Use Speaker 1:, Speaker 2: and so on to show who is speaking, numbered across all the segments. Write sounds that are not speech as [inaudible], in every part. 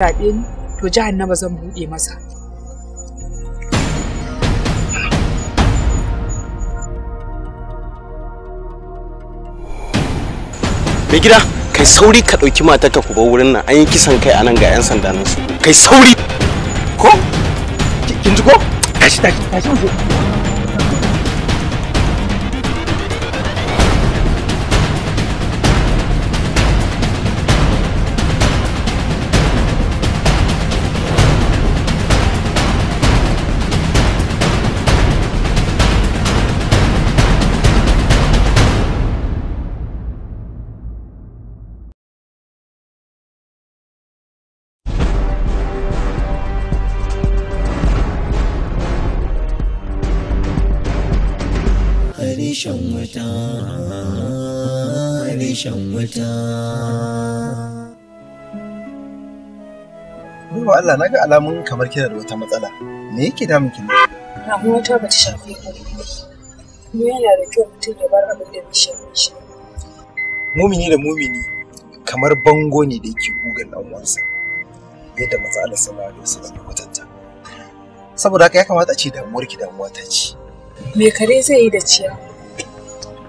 Speaker 1: zaɓe jihar to ba zan buɗe masa
Speaker 2: mai gida kai sauri ka ɗauki mata ka bar wurin nan an yi kisan kai a nan ga 'yan sanda nan su kai sauri ko kin ji ko tashi tashi tashi shan wuta. Yau Allah na ga alamun kamar kina da wata matsala. Me yake damun ki ne? wata ba ta shafe
Speaker 1: ka ne. Ni yana da kyau mutum ya bar abin da bai shafe shi.
Speaker 2: Mumini da mumini kamar bango ne da yake gugan dan uwansa. Yadda matsalar ba da su da kwatanta. Saboda haka ya kamata a ce damuwar ki damuwa ta ce. Me kare zai yi da ciyawa?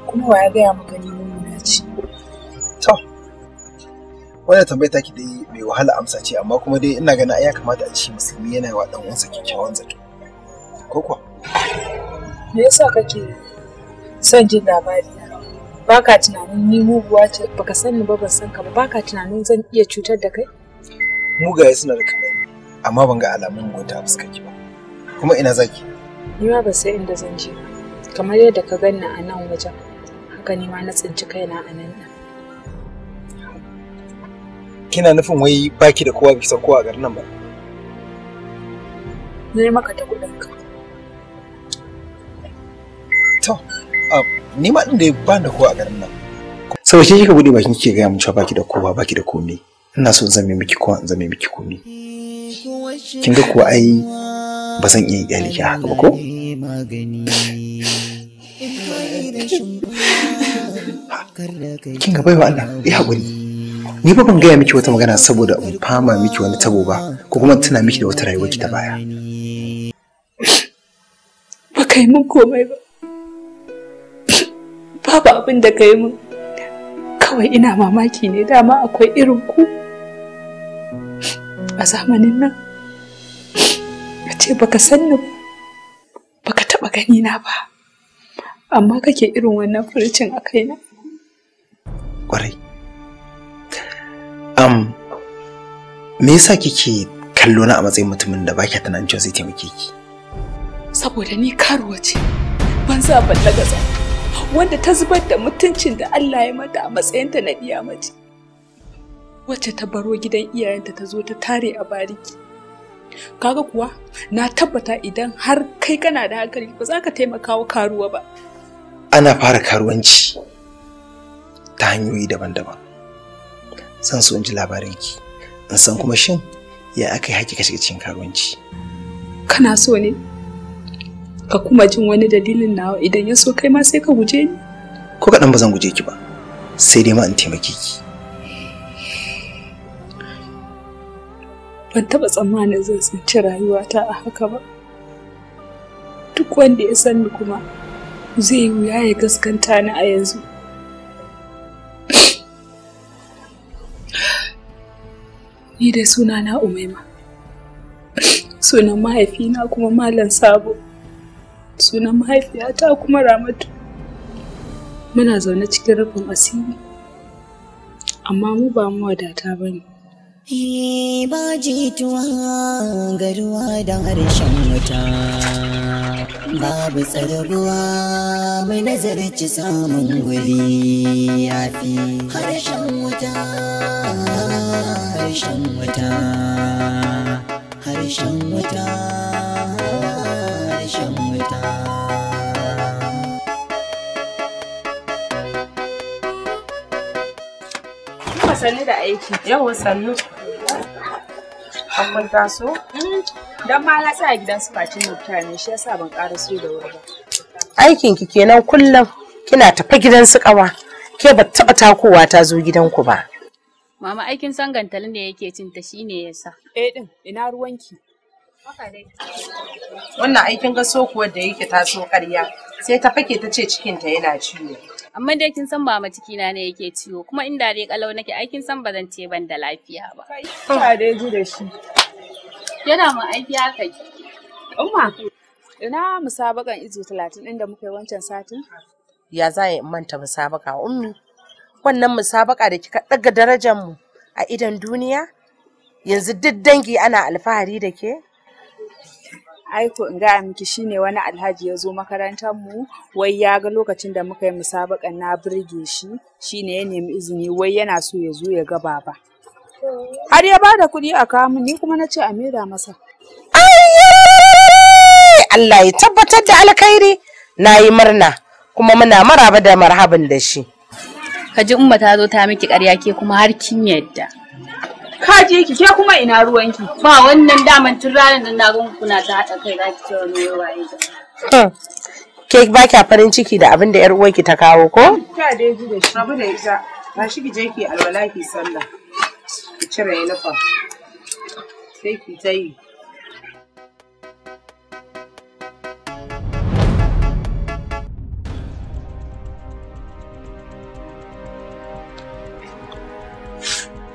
Speaker 2: kuma wa ya gaya maka ni mummuna ce to wannan tambayar take dai mai wahala amsa ce amma kuma dai ina ganin ya kamata a ce musulmi yana wa dan uwansa kyakkyawan zato ko kuwa me yasa kake son jin labari baka tunanin
Speaker 1: ni muguwa ce baka sani ba ban san ka ba baka tunanin zan iya cutar da kai
Speaker 2: mugaye suna da kamar amma ban ga alamun mugunta a fuskarki ba kuma ina zaki
Speaker 1: ni ma ba sai inda zan je kamar yadda ka ganna a nan wajen haka ma na tsinci kaina a nan ɗin.
Speaker 2: Kina nufin wai baki da kowa bisa kowa a garin nan ba?
Speaker 1: Zai maka da ka.
Speaker 2: To, ni ma ɗin da ba da kowa a garin nan. Sau shi kika buɗe bakin kike gaya mun cewa baki da kowa baki da komai. Ina so in zame miki kowa in zame miki komai. Kin ga kuwa ai ba zan iya iyali ki haka ba ko?
Speaker 3: kin
Speaker 2: ga baiwa Allah ya haƙuri ni ba ban gaya miki wata magana saboda in fama miki wani tabo ba ko kuma tuna miki da wata rayuwa ki ta baya
Speaker 1: ba kai mun komai ba babu abin da kai mun kawai ina mamaki ne dama akwai irin ku a zamanin nan a ce baka sanni ba baka taɓa ganina ba amma kake irin wannan furcin a kaina
Speaker 2: ƙwarai am me yasa kike kallo na a matsayin mutumin da baki tunanin cewa zai taimake ki
Speaker 1: saboda ni karuwa ce ban za ban gaza wanda ta zubar da mutuncin da Allah ya mata a matsayinta na iya mace wacce ta baro gidan iyayenta ta zo ta tare a bariki kaga kuwa na tabbata idan har kai kana da hankali ba za ka taimaka wa karuwa ba
Speaker 2: ana fara karuwanci ta hanyoyi daban-daban san so in ji ki, in san kuma shin ya aka yi hakika shiga cikin karuwanci
Speaker 1: kana so ne ka kuma jin wani dalilin nawa idan ya so kai ma sai ka guje ni
Speaker 2: ko kaɗan ba zan guje ki ba sai dai ma in taimake ki
Speaker 1: ban taɓa tsammanin zan tsinci rayuwata a haka ba duk wanda ya san ni kuma zai yi wuya ya gaskanta ni a yanzu ni da suna na umaima sunan mahaifina kuma malam sabo sunan mahaifiyata kuma ramatu muna zaune cikin rufin asiri amma mu ba mu wadata ba ne ba jituwa ga ruwa da harshen wuta
Speaker 4: babu tsarguwa mai nazarci samun guri ya fi harshen wuta harshen wuta harshen wuta harshen wuta
Speaker 1: sannu da aiki. Yawan sannu. an taso mm. dan ma na tsaya gidan su fatin mutane shi yasa ban ƙara su da wuri ba
Speaker 5: aikin ki kenan kullum kina tafi gidan su kawa ke ba taɓa takowa ta zo gidanku ba
Speaker 1: mama aikin sangantali ne yake cin ta shine yasa eh din ina ruwanki wannan aikin gaso kuwa da yake taso ƙarya sai ta fake ta ce cikinta yana ciwo amma dai kin san ba ma na ne yake ciwo kuma inda dai kalau nake ai kin san ba zan ce ban da lafiya ba ba dai ji da shi yana mu aiki haka umma ina musabakan izu 30 din da muka yi wancan satin
Speaker 5: ya za ya manta musabaka ummi wannan musabaka da kika daga darajar mu a idan duniya yanzu duk dangi ana
Speaker 1: alfahari da ke ai in in gaya miki shine wani alhaji ya zo makarantar mu wai ya ga lokacin da muka yi musabakan na birge shi shine ya nemi izini wai yana so ya zo ya ga baba har ya bada kuɗi a kawo mu ni kuma na ce a maida masa Allah ya tabbatar da
Speaker 5: alkhairi na yi murna kuma muna maraba da marhaban da shi
Speaker 1: ka ji umma ta zo ta miki ƙarya ke kuma har kin yadda kaji ki ke kuma ina ruwan ki ba wannan daman tun ranar da na gan kuna ta haɗa kai za ki ce wani waye hmm.
Speaker 5: ke ba kya farin ciki da abin da yar uwarki ta kawo ko
Speaker 1: ta da ji da shi abu da ita ba shi ki je ki alwala ki sallah ki cire inifom sai ki tayi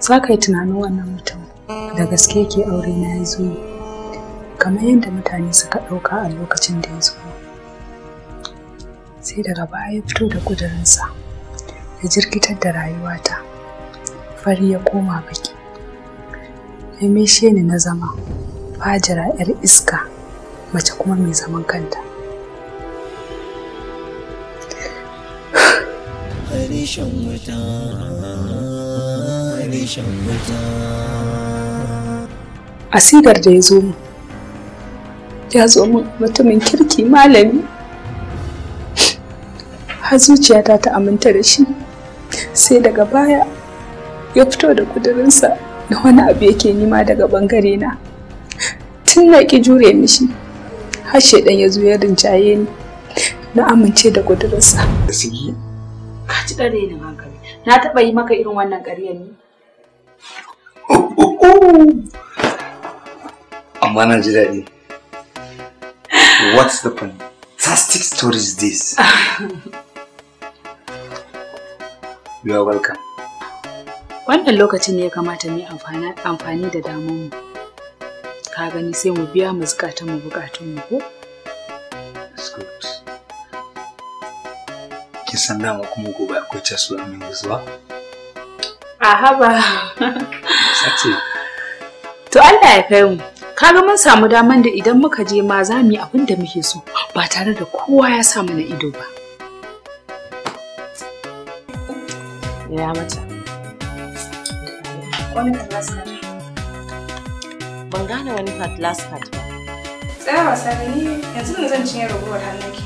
Speaker 1: za ka yi tunanin wannan mutum da gaske ke aure na ya zo kamar yadda mutane suka ɗauka a lokacin da ya zo sai daga baya ya fito da ƙudurinsa ya jirgitar da rayuwata fari ya koma baki ya mishe ni na zama fajira 'yar iska mace kuma mai zaman kanta
Speaker 3: Rishin Asirar
Speaker 1: asigar da ya zo mu ya zo mu mutumin kirki malami har zuciyata ta aminta da shi sai daga baya ya fito da kudurinsa da wani abu yake nima daga bangare na tun na ki jure mishi har shaidan ya zo ya rinjaye ni na amince da kudurinsa ka ci ɗare ni hankali na taɓa yi maka irin wannan ƙaryar ne
Speaker 2: amma na ji daɗi what's the fantastic story is this you are welcome
Speaker 1: wannan lokacin ne ya kamata mu yi amfani da damanmu ka gani sai mu biya mu zukatan mu bukatun mu ko
Speaker 2: kin dama kuma gobe akwai casu casuwa mai zuwa
Speaker 1: A haba. To Allah ya kai mu. Kaga mun samu daman da idan muka je ma za mu yi abin da muke so ba tare da kowa ya sa mana ido ba. Ya mata.
Speaker 2: Wani class
Speaker 5: Ban gane wani last card ba.
Speaker 1: Tsaya wasa da ni yanzu zan cinye ragowar hannunki.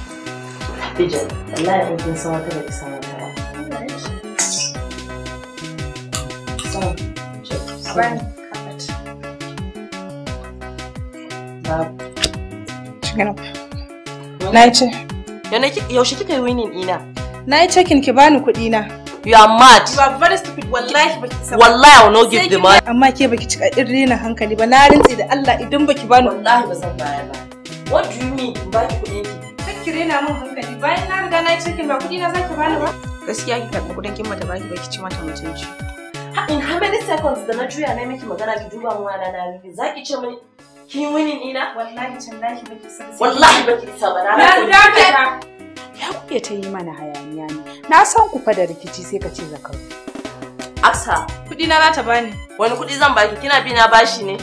Speaker 1: Hadijan,
Speaker 5: Allah ya ɗauke sama kada ki samu.
Speaker 1: bani carpet
Speaker 5: na ce yaushe kika yi winning ina
Speaker 1: na yi cikin ki bani kuɗi na You are mad. You
Speaker 5: are very stupid. Wallahi baki saba. Wallahi I will not give the money. Amma ke baki cika
Speaker 1: irin hankali ba.
Speaker 5: Na rintse da Allah idan baki bani wallahi ba zan bayar ba. What do you mean in baki kuɗin ki? Kake rena min hankali. Bayan na riga na yi cikin ba kuɗi na zaki bani ba. Gaskiya ki karɓi kuɗin kin mata baki baki ci mata mutunci. in how many seconds da na juya na miki magana ki duba mu na na rufe za ki ce mini kin wini ina wallahi tallahi baki san wallahi baki san ba na rufe
Speaker 1: ya kuke ta yi mana hayaniya ne na san ku fa da rikici sai ka ce zakar
Speaker 5: Aksa kudi na za ta bani wani kudi zan baki kina bi na bashi ne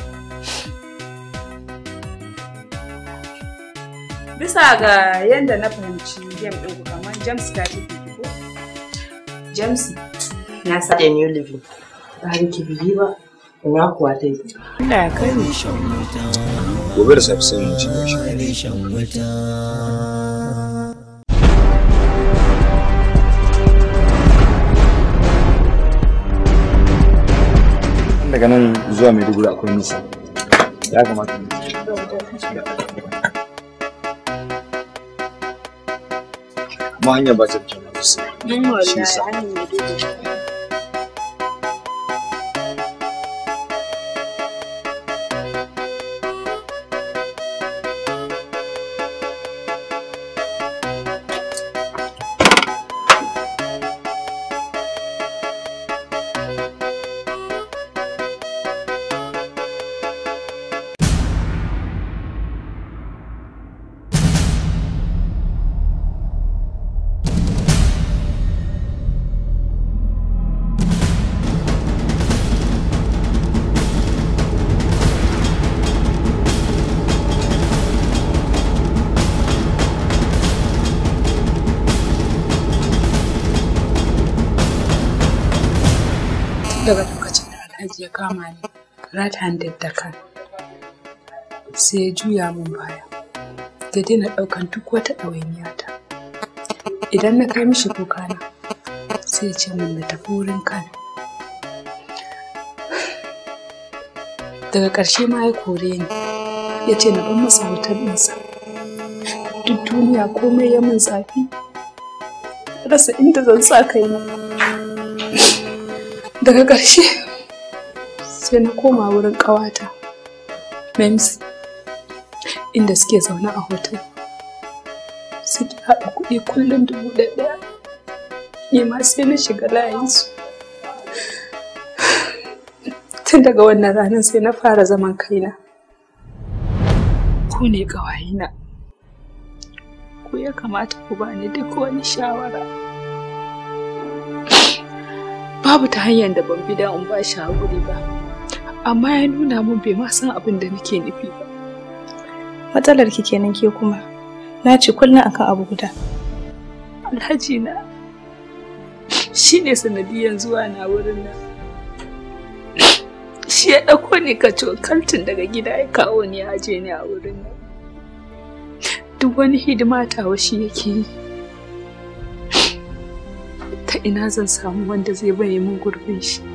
Speaker 1: bisa ga yadda na fahimci game ɗin ku kamar James ta ce ko James
Speaker 5: Na sa. Da new living. Ba ki biyi ba. Ina kuwa ta yi. Ina kai.
Speaker 2: Gobe da safe sai mu ci gashi. daga nan zuwa Maiduguri akwai nisa. Ya kamata mu
Speaker 1: Ma hanya ba ta da kyau. Shi sa. right handed da kan sai ya juya mun baya da daina ɗaukan duk wata ta idan na kai mishi kukana sai ce mun da tafi wurin kan daga ƙarshe ma ya kore ni ya ce na ban masa wutar ɗinsa duk duniya komai ya min zafi rasa inda zan sa kai daga ƙarshe sai na koma wurin ƙawata Mems inda suke zaune a hotel suke haɗa kuɗi kullum dubu ɗaya ne ma sai na shiga layinsu tun daga wannan ranar sai na fara zaman kaina ku ne ƙawayena ku ya kamata ku bani duk wani shawara babu ta hanyar da ban bi da in ba shi haƙuri ba amma ya nuna min bai ma san abin da nake nufi ba matsalar ki kenan ke kuma na ci kullum akan abu guda alhaji na shi ne sanadiyan zuwa na wurin nan shi ya ɗauko ni ka cokaltin daga gida ya kawo ni ya je ni a wurin nan duk wani hidima tawa shi yake yi ta ina zan samu wanda zai bayyana min gurbin shi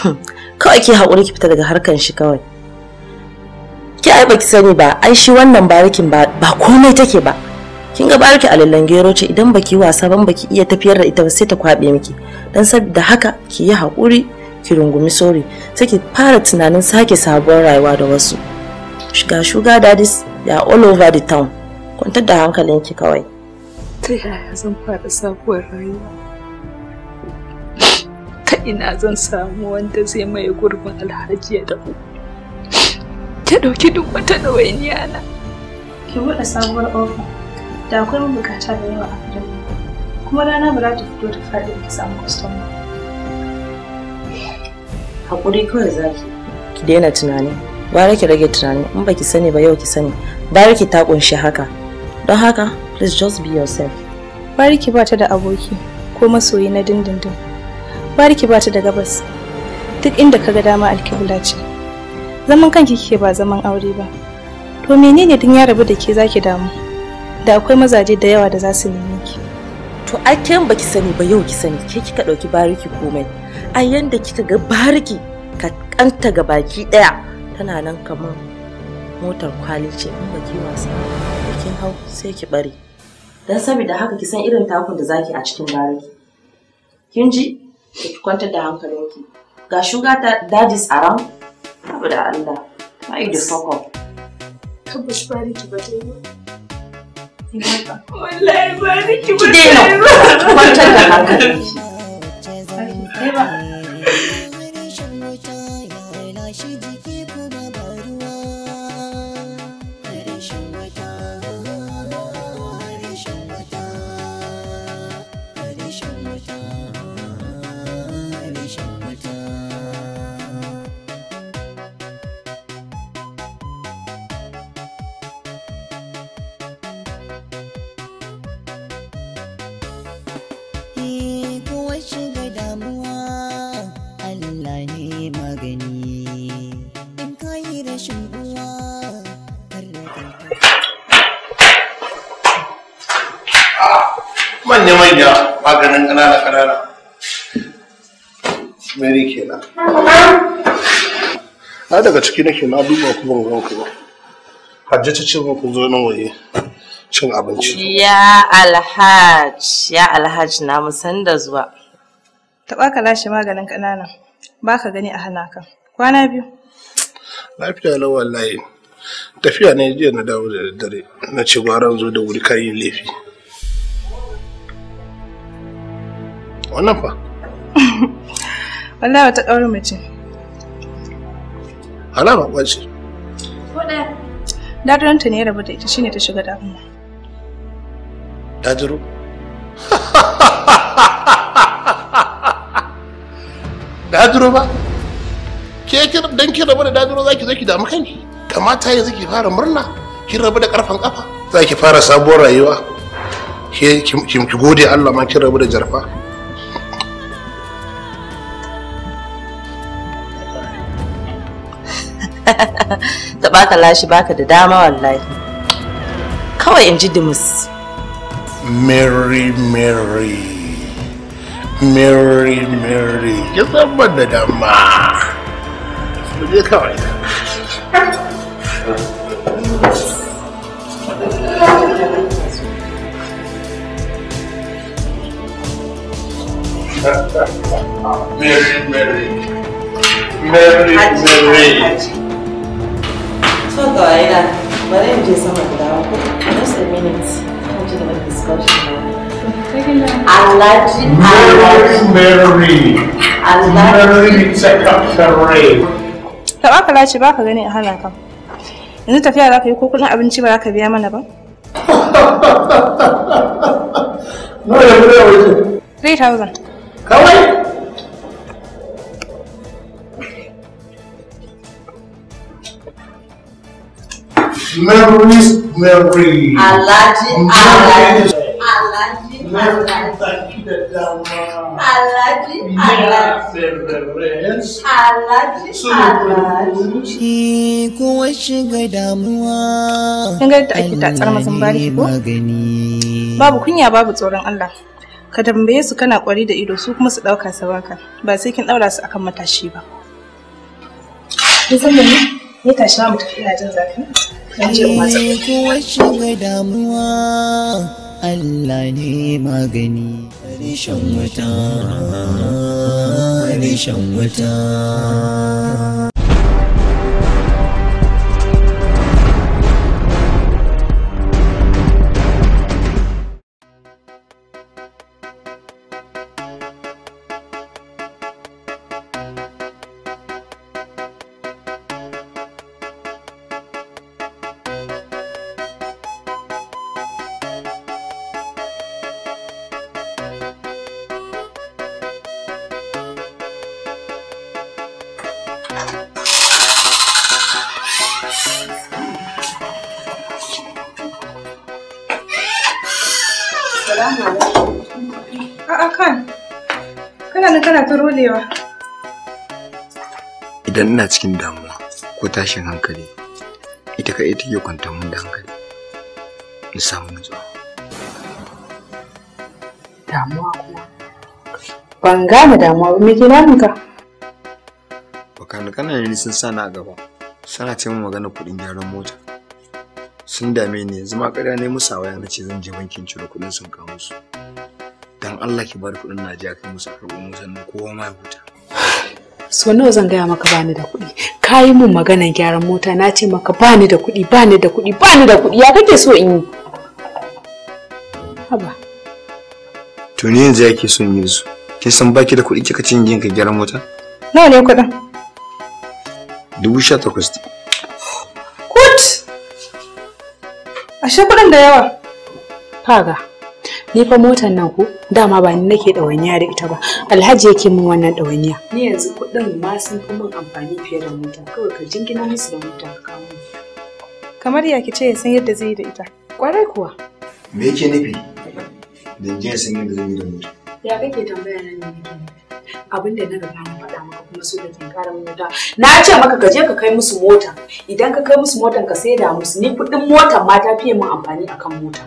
Speaker 5: [laughs] ake haƙuri ki fita daga harkan shi kawai ki ai baki sani ba ai shi wannan barikin ba ba komai take ba kin ga bariki a lallan gero ce idan baki wasa ban baki iya tafiyar da ita ba sai ta kwabe miki dan saboda haka ki yi haƙuri ki rungumi sori sai ki fara tunanin sake sabuwar rayuwa da wasu shiga shuga dadis ya all over the town kwantar da hankalinki
Speaker 1: kawai ta yaya zan fara sabuwar rayuwa ta ina zan samu wanda zai mai gurbin alhaji ya dabu ta ɗauki duk wata ɗawainiya na ki buɗe sabuwar ofa da akwai bukata da yawa a gidan kuma rana ba za ta fito ta faɗi ki samu kwastoma
Speaker 5: haƙuri kawai zaki ki daina tunani bara ki rage tunani in baki sani ba yau ki sani bara ki ta kunshi haka don haka please just be yourself
Speaker 1: ki ba ta da aboki ko masoyi na dindindin bariki ba ta da gabas duk inda ka ga dama alkibla ce zaman kanki kike ba zaman aure ba to menene din ya rabu da ke zaki damu da akwai mazaje da yawa da za su nemi ki
Speaker 5: to ai ba baki sani ba yau ki sani ke kika dauki bariki komai ai yanda kika ga bariki ka kanta ga baki daya tana nan kamar motar kwali ce in ki wasa kin hau sai ki bari. dan saboda haka ki san irin takun da zaki a cikin bariki kin ji ki kwantar da hankalinki ga sugar daddies around abu da Allah ma yi da fuck up
Speaker 1: tabbas ba ki ba dai wallahi ba ki ba yi ba kwantar da hankalinki
Speaker 4: ba
Speaker 2: daga ciki nake na duba ku ban gan ku ba hajji ta ce ku zo nan waye cin abinci
Speaker 5: ya alhaj ya alhaj na musan da zuwa
Speaker 1: taɓa ka lashe maganin ƙanana ba ka gani a hana ka kwana biyu
Speaker 2: lafiya lau wallahi tafiya ne jiya na dawo da daddare na ce gwara zo da wuri kar yin laifi wannan fa
Speaker 1: [laughs] wallahi wata ƙaurin mace
Speaker 2: halama kwace
Speaker 5: ko
Speaker 1: da ta ne ya rabu da ita shine ta shiga damuwa
Speaker 2: dadaro [laughs] dadaro ba ke dan ki rabu da dadaro zaki zo ki damu kanki kamata yanzu ki fara murna ki rabu da karfan kafa zaki fara sabuwar rayuwa ki gode Allah ma ki rabu da jarfa
Speaker 5: baka lashi baka da dama wallahi kawai in ji dimus
Speaker 2: mary mary mary mary ki da dama je kawai
Speaker 3: Mary, Mary, Mary, Mary.
Speaker 5: So Gaida, bari in je sama da dawo ko? Just a minute. Come to the discussion. Alaji, Alaji.
Speaker 3: Mary, Mary, check up Sheree.
Speaker 1: Taɓa ka lace ba ka gani a hana ka. Yanzu tafiya za ka yi ko kuɗin abinci ba za ka biya mana ba? [laughs] Nawa ya fi da 3,000. Kawai?
Speaker 5: Memories, memories. Alaji, Alaji.
Speaker 3: Alaji,
Speaker 1: Alaji. Alaji, Alaji. Alaji,
Speaker 3: Alaji.
Speaker 1: Alaji,
Speaker 4: Alhaji. Ki
Speaker 1: kuwa shiga damuwa. Kun ga yadda ake tatsar mazan bari ko? Babu kunya babu tsoron Allah. Ka tambaye su kana kwari da ido su kuma su ɗauka su ba sai kin ɗaura su akan matashi ba. Kin san da ni? Ya tashi ma mu tafi ina jin zafi. Kowa shiga damuwa
Speaker 4: Allah ne magani. Rishan wata, rishan
Speaker 1: A'a kan, kana nan kana ta rolewa.
Speaker 2: Idan ina cikin damuwa ko tashin hankali, ita kaɗai take kwantar min da hankali. In samu nutsuwa. Damuwa kuma?
Speaker 1: Ban gane damuwa ba, me ke damunka?
Speaker 2: Baka kana ne sun sana a gaba, sana ce min magana kuɗin gyaran mota. sun dame ni yanzu ma ƙarya ne musa waya na ce zan je bankin ciro kuɗin sun kawo musu dan Allah ki bar kuɗin Najeriya kai musu karɓo mu sannan kowa ma ya huta
Speaker 1: so nawa zan gaya maka bani da kuɗi ka yi mun maganar gyaran mota na ce maka bani da kuɗi bani da kuɗi bani da kuɗi ya kake so in yi haba
Speaker 2: to ni yanzu yake son yi su ke san baki da kuɗi kika cin yin ka gyaran mota nawa ne kuɗin dubu sha takwas
Speaker 1: ashe kuɗin da yawa kaga ni fa motar nan ko dama ba ni nake ɗawainiya da ita ba alhaji yake min wannan ɗawainiya ni yanzu kuɗin ma sun fi min amfani fiye da mota kawai ka jingina musu da mota ka kawo kamar ya kice ya san yadda zai yi da ita kwarai kuwa
Speaker 2: me yake nufi Dan je san yadda zai yi da mota
Speaker 1: ya kake tambaya nan ne abin da na riga na faɗa maka kuma su da kin ƙara mota na ce maka ka je ka kai musu mota idan ka kai musu motan ka sai da musu ni kuɗin motan ma ta fiye mun amfani akan mota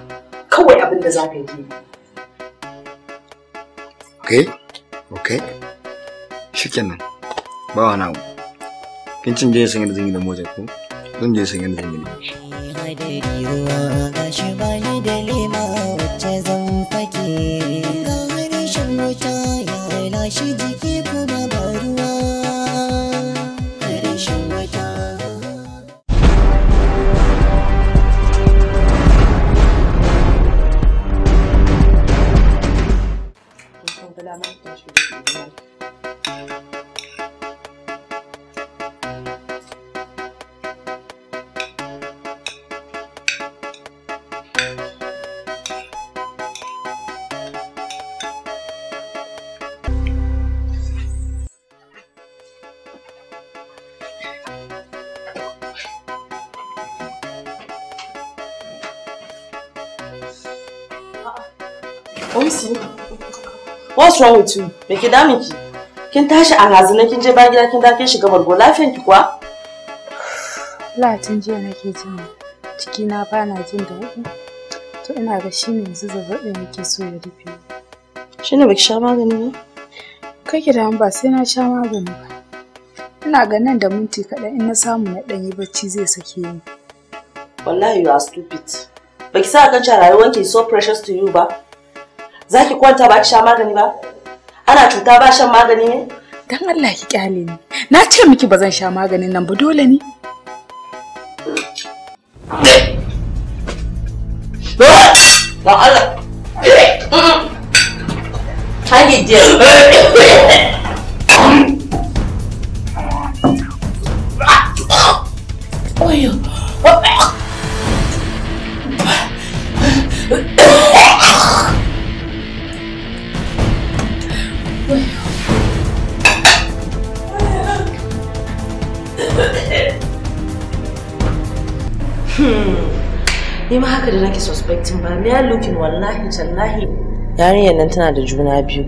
Speaker 1: kawai abin da za ka yi
Speaker 2: okay okay shikenan ba wani abu kin cin je sanya da zan yi da mota ko zan je sanya da zan
Speaker 4: yi
Speaker 5: Umsu, what's wrong with you? Me ke damun ki? Kin tashi a razana kin je bayan gida kin dakin shiga bargo lafiyan ki kuwa?
Speaker 1: Allah tun jiya nake jin ciki na ba na jin daɗi. To ina ga shi ne yanzu zazzaɓin nake so ya rufe. Shi ne baki sha magani ba? Kai ki damu ba sai na sha magani ba. Ina ga nan da minti kaɗan in na samu na ɗanyi bacci zai sake ni.
Speaker 5: Wallahi you are stupid. Baki sa kan cewa rayuwar ki so precious to you ba. za ki kwanta ba ki sha magani ba ana cuta ba shan magani ne
Speaker 1: dan Allah ki kyale ni na ce miki ba zan sha maganin nan ba dole ne
Speaker 3: ba
Speaker 4: Allah Hadi
Speaker 5: expecting ba me looking wallahi tallahi yarinyar nan tana da juna biyu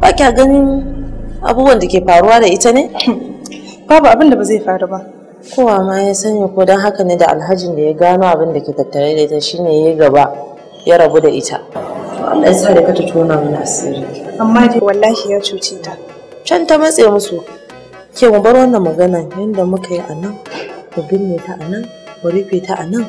Speaker 5: ba kya ganin abubuwan da ke faruwa da ita ne [clears throat] babu abin da ba zai faru ba kowa ma ya sani ko don haka ne da alhajin da ya gano abin da ke tattare da ita shine ya gaba ya rabu da ita Allah ya sa da ka ta tona mana asiri
Speaker 1: amma dai wallahi ya cuce ta
Speaker 5: can ta matse musu ke mu bar wannan magana yadda muka yi a nan mu binne ta a nan mu rufe ta a nan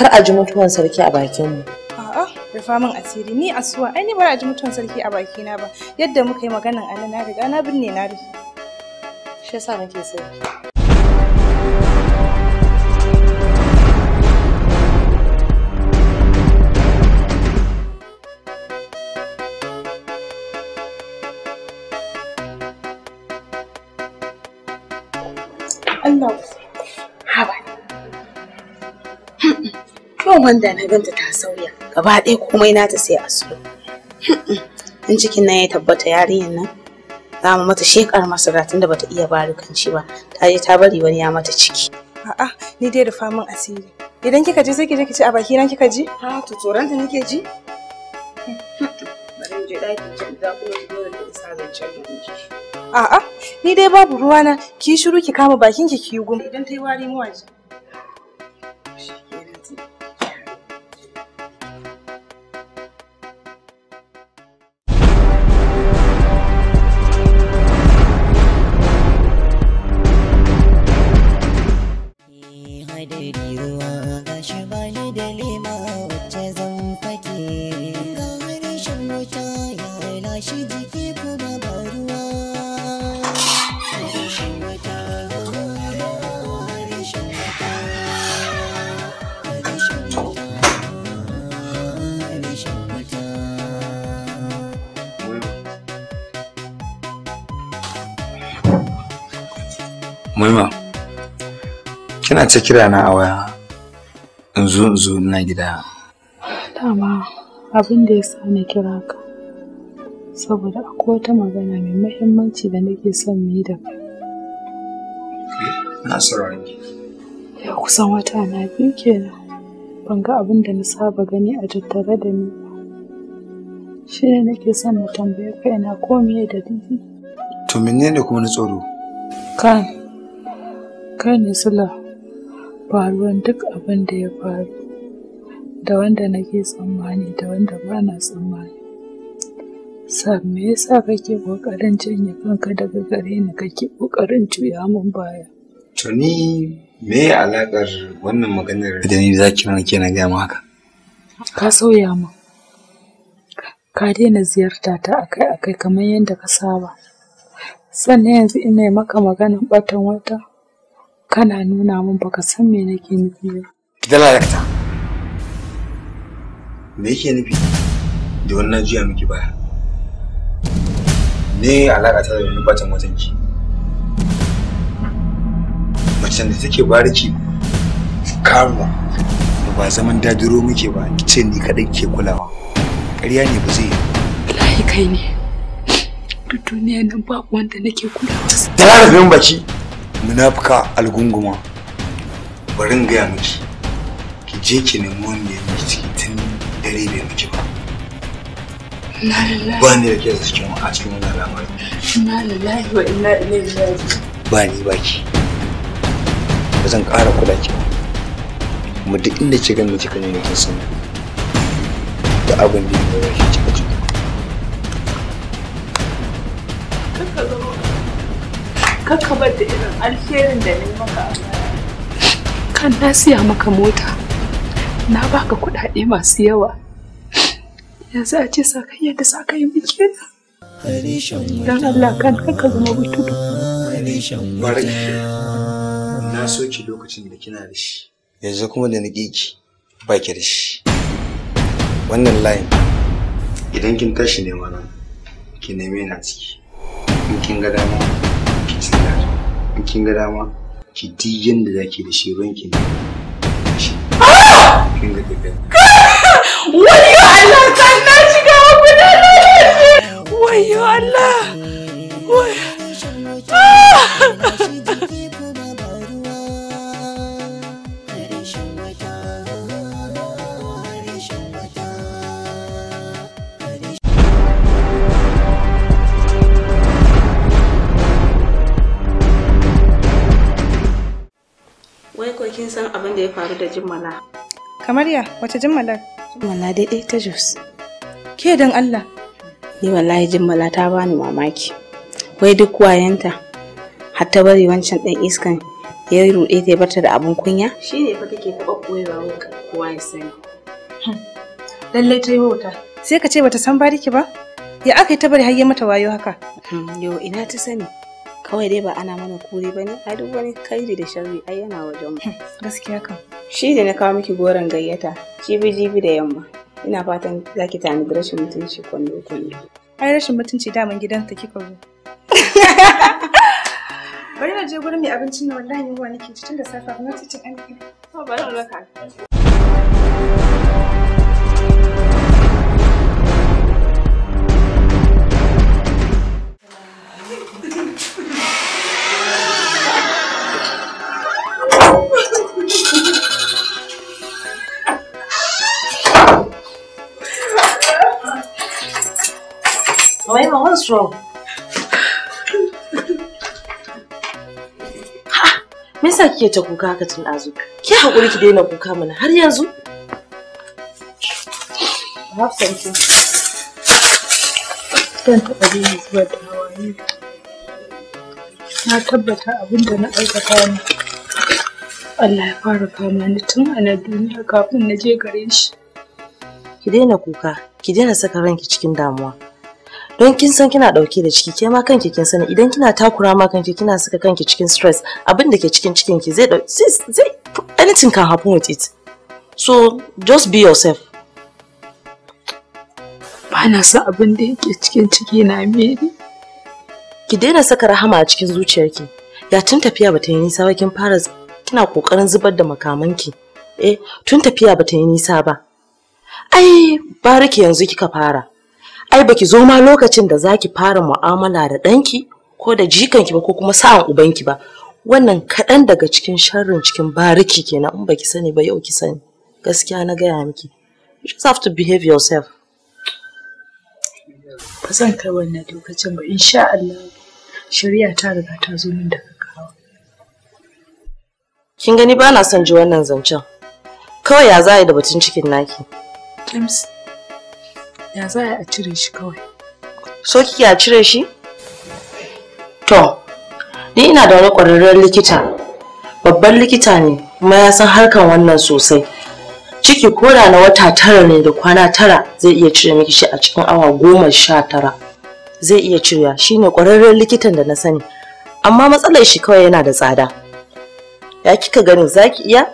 Speaker 5: kar a ji mutuwan sarki a bakinmu.
Speaker 1: A'a, da min asiri ni asuwa ai ni ba a ji mutuwan sarki a bakina ba yadda muka yi maganan ana na riga na binne na rufe. Shi yasa nake sarki. Allah kan wanda na ganta ta sauya
Speaker 5: gaba ɗaya komai nata sai a so [laughs] in cikin nan ya tabbata yarinyar nan za mu mata shekar ratun da bata iya barikanci ba ta je ta bari wani ya mata ciki
Speaker 1: a'a ni dai da famin asiri idan kika je sai ki je ki ci a baki na kika ji ha to tsoron ta nake ji bari je ki da kuma da isa a'a ni dai babu ruwana ki shiru ki kama bakin ki ki gum idan tai wari mu waje
Speaker 2: ce kira na a waya in zo in zo na gida.
Speaker 1: Dama abin da ya sa na kira ka saboda akwai wata magana mai mahimmanci da nake son mu yi da kai. Na saurari. Ya kusan wata na biyu kenan ban ga abin da na saba gani a tattare da ni Shi ne nake son na tambaye ina ko me da dalili.
Speaker 2: To menene kuma na tsoro?
Speaker 1: Kan, kan ne sula faruwan duk abin da ya faru da wanda nake tsammani da wanda ba na tsammani Sa me yasa kake ƙoƙarin janye kanka daga gare ni kake ƙoƙarin juya min baya?
Speaker 2: To ni me alaƙar wannan maganar da ni za ki ke na gaya haka?
Speaker 1: Ka sauya min. Ka daina ziyarta ta akai-akai kamar yadda ka saba. Sannan yanzu ina maka maganar batan wata kana nuna min baka san me nake nufi ba
Speaker 2: ki dala dakta me yake nufi da wannan jiya miki baya ne alaƙa ta da wani batan watan ki macen da take bariki karuwa da ba zaman dadiro muke ba ki ce ni kaɗai ke kulawa ƙarya ne ba zai
Speaker 1: yi kai ne duk duniya nan babu wanda nake kulawa
Speaker 2: da rarrafin baki munafuka algunguma bari in gaya miki ki je ki nemi wanda ya miki ciki tun dare bai miki
Speaker 1: ba ba ni
Speaker 2: da ke da cikin a cikin wani alamar. inna ba ni ba ki ba zan ƙara kula ki kuma duk inda ki ga miki kan ne kin san da abin da ya yi
Speaker 1: kakkabar da irin alherin da ne maka kan na siya maka mota na baka kuɗaɗe masu yawa yanzu a ce sakayyar da sakayin biki don Allah kan
Speaker 2: ka zama bututu na so ki lokacin da kina da shi yanzu kuma da nake ki ba ki da shi wannan layin idan kin tashi nema na ki neme na ciki in kin ga dama sweetheart kin ga dama ki di yanda zaki da shi ranki ne
Speaker 3: ah! kin ga tafiya wani Allah kan na shiga wani na wayo Allah wayo ah!
Speaker 5: kin san abin da ya faru da jimmala.
Speaker 1: Kamar ya wace jimmalar? Jimmala daidai ta Jos. Ke don Allah. Ni wallahi jimmala ta bani mamaki.
Speaker 5: Wai duk wayanta har ta bari wancan ɗan iskan ya yi ruɗe ta bata da abin kunya? Shi ne fa take taɓa koyewa wa kowa ya sani.
Speaker 1: Hm. Lallai ta yi wauta. Sai ka ce bata san bariki ba? Ya aka yi ta bari har ya mata wayo haka?
Speaker 5: Hmm, Yau ina ta sani. kawai dai ba ana mana kuri ba ne a duk wani kairi da sharri ai yana wajen mu
Speaker 1: [laughs] gaskiya kan shi da na kawo miki goron gayyata jibi jibi da yamma ina fatan za ki da rashin mutunci kwando kwando ai rashin mutunci daman gidan ta kika zo [laughs] bari na je gurin mai abincin na wallahi yunwa nake cikin da safa na cikin an
Speaker 3: ba mu ka
Speaker 5: wrong? Me yasa kike ta kuka haka tun ɗazu? Ki haƙuri ki daina kuka mana har yanzu? I
Speaker 1: have something. Zan taɓa daina zuwa da hawaye. Na tabbata abinda na aikata ne. Allah ya fara kama ni tun a na duniya kafin na je gare shi. Ki daina
Speaker 5: kuka, ki daina saka ranki cikin damuwa. don kin san kina dauke da ciki ke ma kanki kin sani idan kina takura ma kanki kina saka kanki cikin stress abin da ke cikin cikin ki zai zai
Speaker 1: anything can happen with it so just be yourself ba na sa abin da yake cikin ciki na meri
Speaker 5: ki daina saka rahama a cikin zuciyarki ya tun tafiya ba ta yi nisa ba kin fara kina kokarin zubar da makamanki eh tun tafiya ba ta yi nisa ba ai bariki yanzu kika fara ai baki zo ma lokacin da zaki fara mu'amala da danki ko da jikanki ba ko kuma sa'an ubanki ba wannan kaɗan daga cikin sharrin cikin bariki kenan in baki sani ba yau ki sani gaskiya na gaya miki you just have to behave yourself
Speaker 1: ba zan kai wannan lokacin ba insha Allah shari'a ta riga ta zo min da kawo. kin gani ba
Speaker 5: na son ji wannan zancen kawai ya za a yi da batun cikin naki
Speaker 1: James. ya za a cire shi kawai
Speaker 5: so kike a cire shi to ni ina da wani ƙwararren likita babban likita ne kuma ya san harkan wannan sosai ciki koda na wata tara ne da kwana tara zai iya cire miki shi a cikin awa goma sha tara zai iya cirewa Shi ne ƙwararren likitan da na sani amma matsalar shi kawai yana da tsada ya kika za zaki
Speaker 1: iya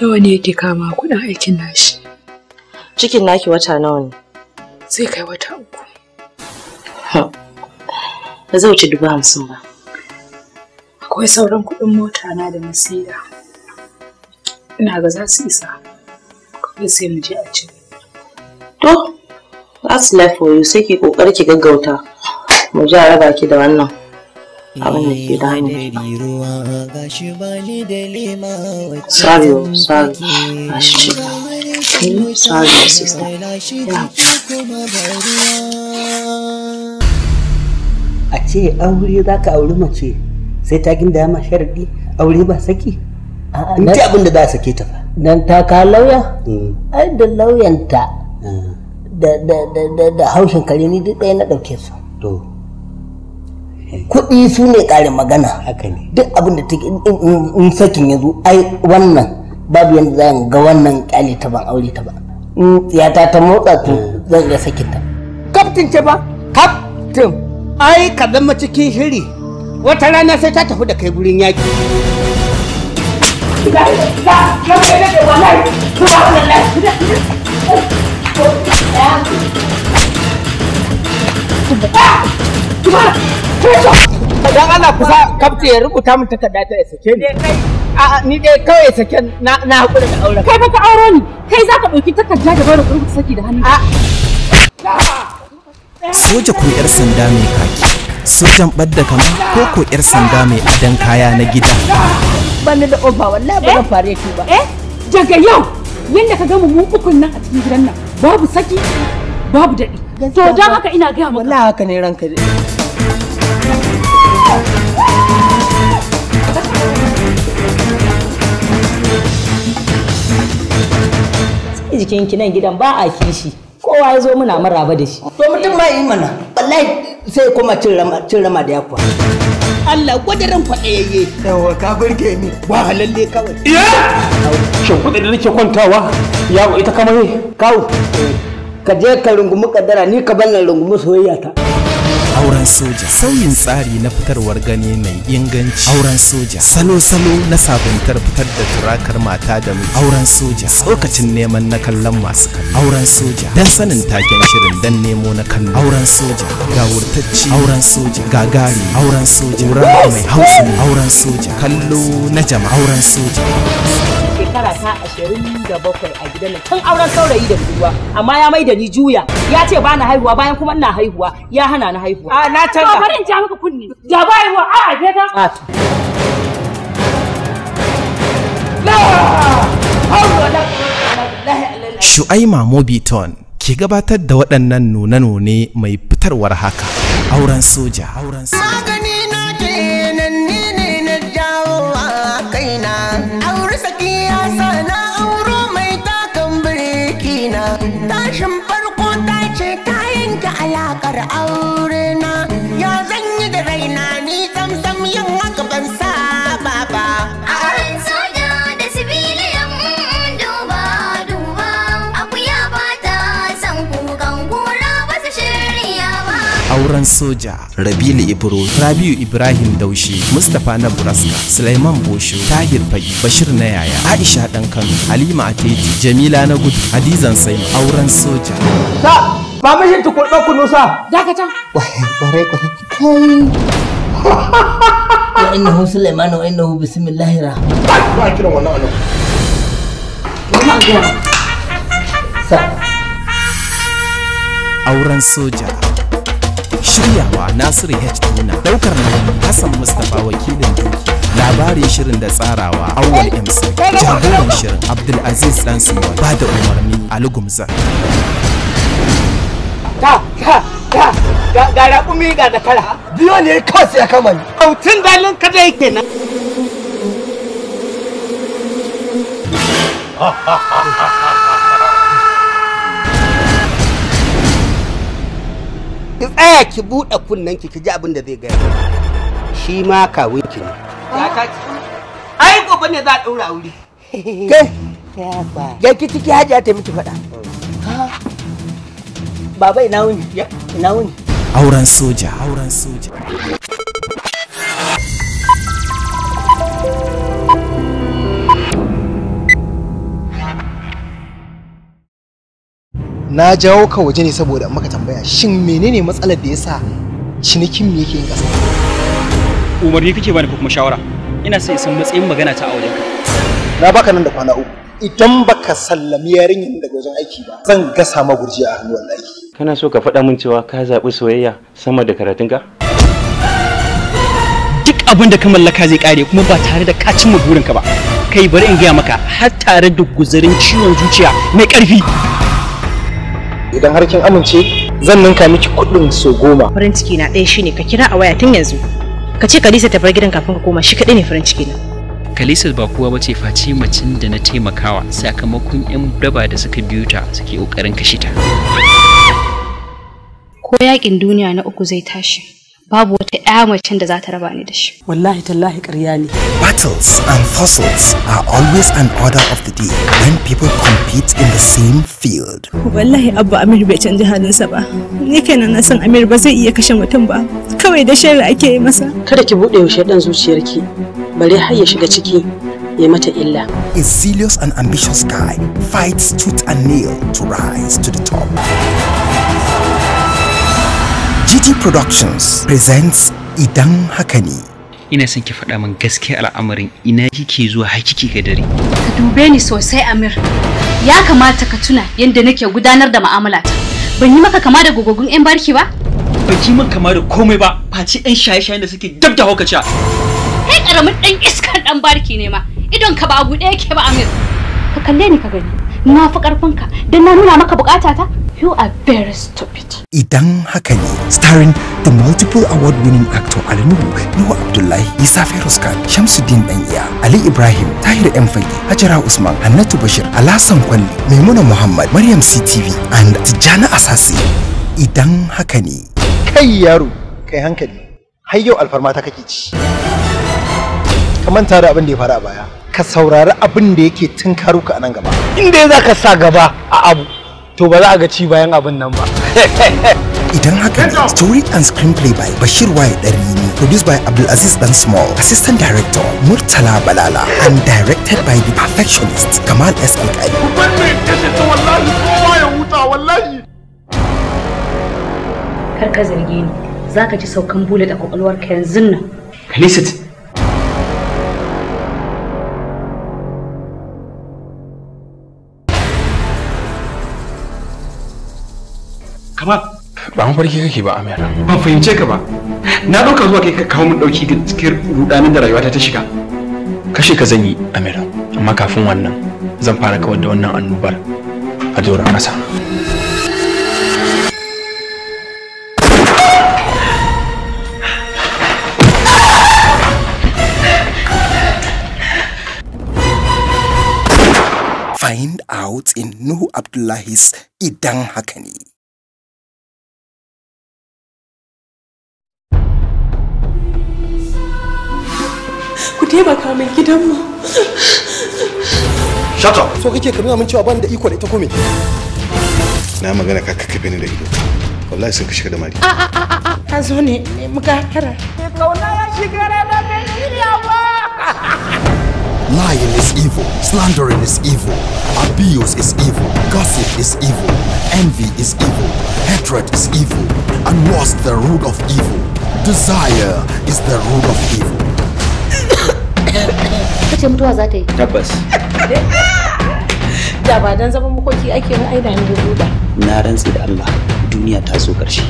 Speaker 1: nawa ne yake kama kuɗin aikin nashi
Speaker 5: cikin naki wata
Speaker 1: nawa ne zai kai wata uku
Speaker 5: ba zai wuce dubu hamsin ba
Speaker 1: akwai sauran kuɗin mota na da nasira ina ga za su isa kawai sai mu je a ci
Speaker 5: to that's life for you sai ki kokari ki gaggauta mu je a raba ki da wannan abin da ke damu sorry sorry I shi A ce aure za ka auri mace sai ta ginda ma sharadi aure ba saki?
Speaker 2: In ce abin da za a sake ta fa.
Speaker 5: Dan ta ka lauya? Mm. Ai da lauyanta ah. da haushin kare ni duk ɗaya na ɗauke su. Kuɗi su ne ƙarin magana. Haka ne. Duk abin da in sakin ya zo ai wannan babu yadda zan ga wannan kyale ta ban aure ta ba in tsiyata ta motsa to zan iya sakin ta kaftin ce ba kaftin ai ka zama cikin shiri wata rana sai ta tafi da kai gurin yaki on! dan Allah kusa kafce ya rubuta min takarda ta ya sake ni a ni
Speaker 1: dai kawai ya sake na na hakura da auren kai fa ka auro ni kai zaka dauki takarda da barin rubuta saki da hannu
Speaker 2: soja ko yar sanda mai kaki sojan badda kama ko ko yar sanda mai adan kaya na gida
Speaker 1: bani da oba wallahi ban eh? fare ki ba eh daga yau yanda ka gama mu ukun nan a cikin gidan nan babu
Speaker 5: saki babu dadi. to don haka ina gaya maka wallahi haka ne ranka dai jikin ki nan gidan ba a kishi kowa ya zo muna maraba da shi to mutum ba yi mana wallahi sai kuma cin rama cin
Speaker 2: rama da yakwa Allah gwadaran kwaɗayayye yawa ka burge ni ba halalle kawai iya shin kuɗi da nake kwantawa yawo ita kamar kawo
Speaker 5: ka je ka rungumi kaddara ni ka ballan rungumi soyayya ta
Speaker 2: auren soja sauyin tsari na fitarwar gani mai inganci auren soja salo-salo na sabuntar fitar da turakar mata da mu. auren soja lokacin neman na kallon masu kallo auren soja dan sanin taken shirin dan nemo na kallo auren soja ga wurtacci auren soja gagari auren soja wura mai hausa auren soja kallo na jama'a auren soja
Speaker 5: shekara ta ashirin da bakwai a gidan nan tun auren saurayi da budurwa amma ya mai da ni juya ya ce ba na haihuwa bayan kuma ina haihuwa ya hana ni haihuwa A na canza. bari in ja
Speaker 1: maka kunni. Da ba a a
Speaker 2: Shu'aima Mobiton ke gabatar da waɗannan nune-nune mai fitarwar haka. Auren soja. Auren soja. Magani na ke nan ni ne na jawo a kaina. Aure saki ya na auro mai takan birki na. Tashin farko ta ce ta yanke alaƙar sauran Soja, Rabilu Ibro, Rabiu Ibrahim Daushe, Mustapha na Buraska, Sulaiman Bosho, Tahir Fagi, Bashir na yaya, Aisha Dan Kano, Halima Ateti, Jamila na gudu, Hadizan Sai, Auren Soja. Ta, ba mishi tukurɗa kunu sa. Dakata. Wahai, bare ku.
Speaker 5: Kai. Wa hu Sulaiman wa innahu hu rahmanir rahim. Ba kiran
Speaker 2: wannan anan. Sa. Auren Soja. shiryawa nasiru h tuna daukar nan hassan mustapha wakilin duki labarin shirin da tsarawa awwal mc jagoran shirin abdulaziz dan suwa ba da umarni ali gumza ga ga ga ga raƙumi ga da kala. biyo ne kansu ya kama ni autun dalin kada yake nan
Speaker 3: ha [laughs] ha ha
Speaker 2: ki tsaya ki buɗe kunnen ki ki ji abin da zai gaya shi ma kawun ki ne ai gobe ne za a ɗaura aure ke
Speaker 5: ya ki ciki hajiya ta miki faɗa baba ina wuni ina wuni
Speaker 2: auren soja auren soja na jawo ka waje ne saboda maka tambaya shin menene matsalar da yasa cinikin me yake yin kasa umarni kake bani ko kuma shawara ina in san matsayin magana ta aure ka na baka nan da kwana uku idan baka sallami yarinyar daga wajen aiki ba zan gasa ma gurji a hannu wallahi kana so ka faɗa min cewa ka zaɓi soyayya sama da karatun ka? duk abin da ka mallaka zai kare kuma ba tare da ka cimma burinka ba kai bari in gaya maka har tare da guzarin ciwon zuciya mai ƙarfi idan har kin amince zan ninka miki kuɗin so goma
Speaker 5: farin ciki na ɗaya shine ka kira a waya tun yanzu ka ce kalisa ta bar gidan kafin ka koma shi kaɗai ne farin ciki na
Speaker 2: kalisa ba kowa ba ce face macin da na taimakawa sakamakon yan daba da suka biyo ta suke ƙoƙarin kashe ta
Speaker 1: ko yakin duniya na uku zai tashi babu wata ƴa macen da za ta raba ni da shi wallahi tallahi ƙarya ne
Speaker 2: battles and fossils are always an order of the day when people compete in the same field
Speaker 1: wallahi
Speaker 5: abba amir bai canji halinsa ba ni kenan na san amir ba zai iya kashe mutum ba kawai da sharri ake yi masa kada ki buɗe yaushe ɗan zuciyarki bari har ya shiga ciki ya mata
Speaker 2: illa. A zealous and ambitious guy fights tooth and nail to rise to the top. TT Productions presents Idan Haka Ne. Ina son ki faɗa min gaskiya al'amarin ina kike zuwa har kike ga dare.
Speaker 1: Ka dube ni sosai Amir. Ya kamata ka tuna yadda nake gudanar da mu'amalata. Ban yi maka kama da gogogun 'yan barki ba?
Speaker 2: Ban yi maka kama da komai ba, face 'yan shaye-shayen da suke dab da Kai
Speaker 1: karamin ɗan iskar ɗan barki ne ma, idon ka ba a buɗe yake ba Amir. Ka kalle ni ka gani, na fi ƙarfinka, don na nuna maka buƙatata. You are very stupid.
Speaker 2: Idan haka ne, starring the multiple award-winning actor Ali Nuhu, Nuhu Abdullahi, Isa Feruskan, Shamsuddin Danya, Ali Ibrahim, Tahir M. Fage, Hajara Usman, Hannatu Bashir, Alhassan Kwalli, Maimuna Muhammad, Maryam CTV, and Tijjani Asasi. Idan haka ne. Kai yaro, kai hankali. Har yau alfarma ta kake ci. Ka manta da abin da ya faru a baya. Ka saurari abin da yake ka a nan gaba. Inda za ka sa gaba a abu, to ba za a ga ci bayan abin nan ba [laughs] idan haka story and screenplay by bashir waye darini produced by abdulaziz dan small assistant director murtala balala and directed by the perfectionist kamal s alkali kar ka zargi ni za ka ci saukan bule da ka yanzu nan kanisit kama Ba farki kake ba amira Ban fahimce ka ba. Na ɗauka zuwa kai ka kawo min dauki cikin rudanin da rayuwata ta shiga. Kashe ka zan yi amira Amma kafin wannan zan fara kawar da wannan annobar a doron ƙasa. find out in Nuhu Abdullahi's Idan Hakani. ku taimaka min gidanmu shut up so kike ka mun cewa ban da iko da ita kome na magana ka kakkafe ni da ido wallahi sun ka shiga da mari
Speaker 1: a a a a ka zo ne ne muka kara kauna ya shiga da ya yawa
Speaker 2: Lying is evil, slandering is evil, abuse is evil, gossip is evil, envy is evil, hatred is evil, and what's the root of evil? Desire is the root of evil.
Speaker 1: kace mutuwa za ta yi
Speaker 2: tabbas
Speaker 5: da ba dan zaman makoki ake mu aida ni da
Speaker 2: na
Speaker 4: rantsi da Allah duniya ta so karshe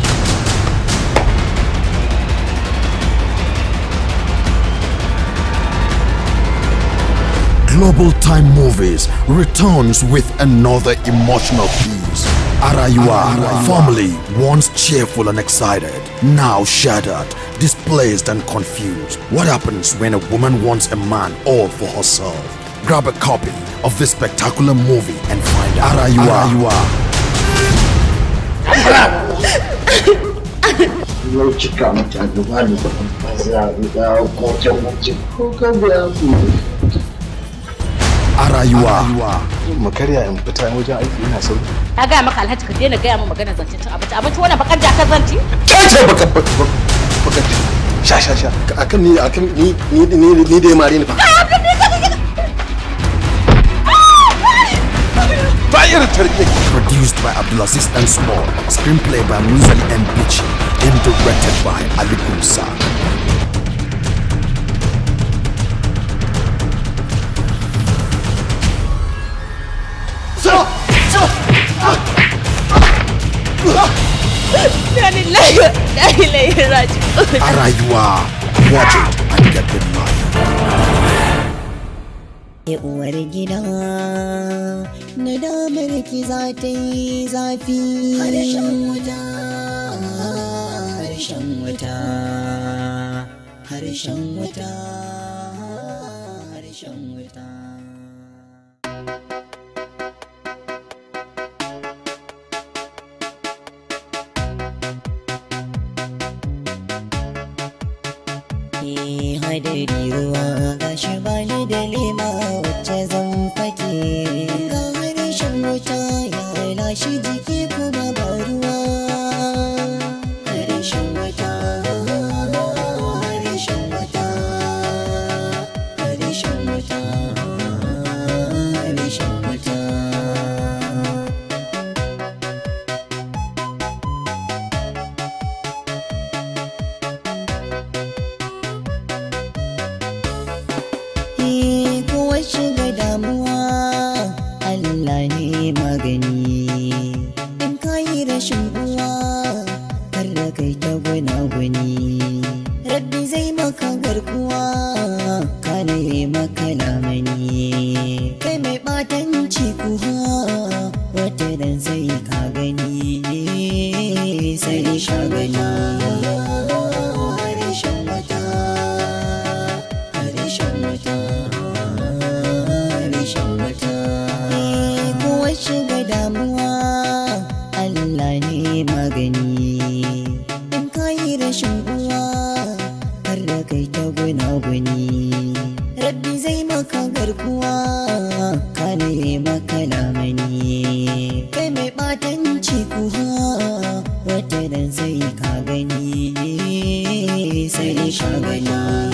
Speaker 2: Global Time Movies returns with another emotional piece. Arayua, Arayua, formerly once cheerful and excited, now shattered, displaced and confused. What happens when a woman wants a man all for herself? Grab a copy of this spectacular movie and find out. Arayua. Arayua. [laughs] rayuwa mu karya in fita wajen aiki ina sauri
Speaker 5: na gaya maka alhaji ka daina gaya mu magana zancen cin abinci abinci wannan bakar ka zanci
Speaker 2: ba baka baka sha sha sha akan ni akan ni ni ni ni da mare ni fa ah, ah, produced by Abdulaziz and Small screenplay by Musali M Bichi and directed by Ali Kumsa A rayuwa, watch it and get the money.
Speaker 4: Uwar gida damar ki za ta yi zafi harshen wata. harshen wata. harshen wuta she did. kenan sai ka gani sai sha gani